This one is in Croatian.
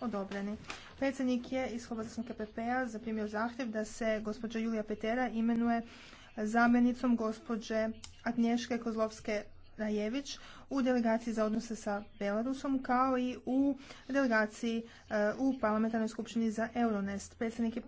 odobreni. Predsjednik je iz Hrvatskog KPP-a zaprimio zahtjev da se gospođa Julija Petera imenuje zamjenicom gospođe Agnješke Kozlovske Rajević u delegaciji za odnose sa Belarusom kao i u delegaciji e, u Parlamentarnoj skupštini za Euronest. Predsjednik je